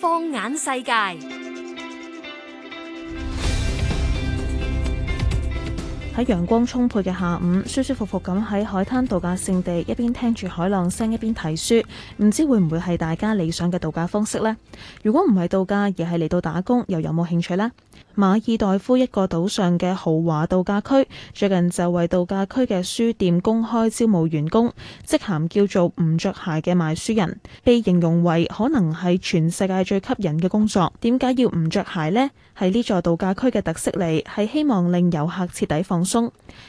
放眼世界。喺陽光充沛嘅下午，舒舒服服咁喺海灘度假勝地，一邊聽住海浪聲，一邊睇書，唔知會唔會係大家理想嘅度假方式呢？如果唔係度假，而係嚟到打工，又有冇興趣呢？馬爾代夫一個島上嘅豪華度假區，最近就為度假區嘅書店公開招募員工，職銜叫做唔着鞋嘅賣書人，被形容為可能係全世界最吸引嘅工作。點解要唔着鞋呢？係呢座度假區嘅特色嚟，係希望令遊客徹底放。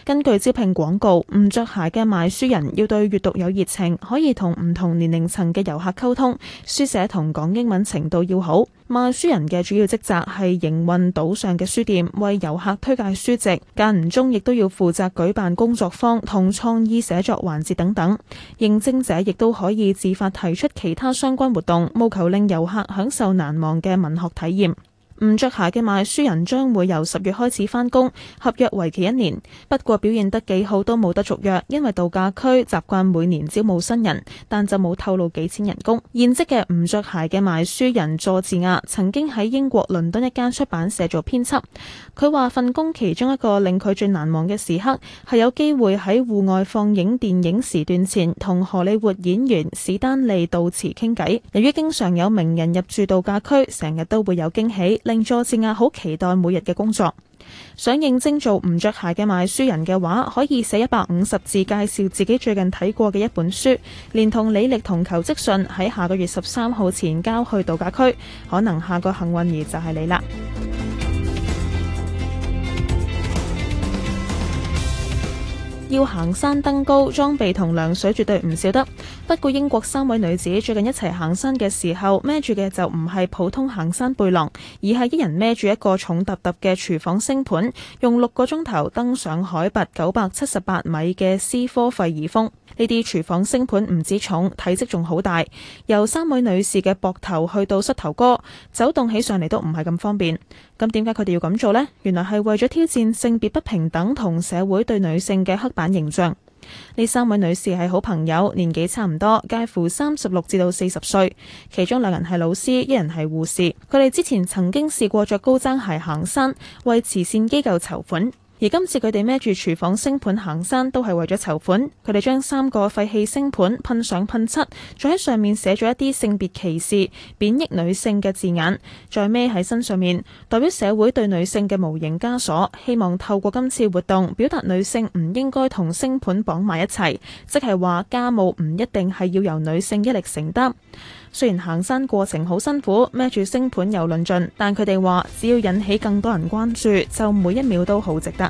根據招聘廣告，唔着鞋嘅賣書人要對閱讀有熱情，可以同唔同年齡層嘅遊客溝通，書寫同講英文程度要好。賣書人嘅主要職責係營運島上嘅書店，為遊客推介書籍，間唔中亦都要負責舉辦工作坊同創意寫作環節等等。應徵者亦都可以自發提出其他相關活動，務求令遊客享受難忘嘅文學體驗。唔着鞋嘅賣書人將會由十月開始返工，合約為期一年。不過表現得幾好都冇得續約，因為度假區習慣每年招募新人，但就冇透露幾錢人工。現職嘅唔着鞋嘅賣書人佐治亞曾經喺英國倫敦一間出版社做編輯，佢話份工其中一個令佢最難忘嘅時刻係有機會喺戶外放映電影時段前同荷里活演員史丹利道詞傾偈。由於經常有名人入住度假區，成日都會有驚喜。助戰啊！好期待每日嘅工作。想認真做唔着鞋嘅買書人嘅話，可以寫一百五十字介紹自己最近睇過嘅一本書，連同履歷同求職信喺下個月十三號前交去度假區。可能下個幸運兒就係你啦。要行山登高，裝備同糧水絕對唔少得。不過英國三位女子最近一齊行山嘅時候，孭住嘅就唔係普通行山背囊，而係一人孭住一個重揼揼嘅廚房鋅盆，用六個鐘頭登上海拔九百七十八米嘅斯科費爾峰。呢啲廚房鋅盆唔止重，體積仲好大，由三位女士嘅膊頭去到膝頭哥，走動起上嚟都唔係咁方便。咁點解佢哋要咁做呢？原來係為咗挑戰性別不平等同社會對女性嘅刻板反形象。呢三位女士係好朋友，年紀差唔多，介乎三十六至到四十歲，其中兩人係老師，一人係護士。佢哋之前曾經試過着高踭鞋行山，為慈善機構籌款。而今次佢哋孭住廚房鋅盆行山，都係為咗籌款。佢哋將三個廢棄鋅盆噴上噴漆，再喺上面寫咗一啲性別歧視、貶抑女性嘅字眼，再孭喺身上面，代表社會對女性嘅無形枷鎖。希望透過今次活動，表達女性唔應該同鋅盆綁埋一齊，即係話家務唔一定係要由女性一力承擔。雖然行山過程好辛苦，孭住鋅盆又論盡，但佢哋話，只要引起更多人關注，就每一秒都好值得。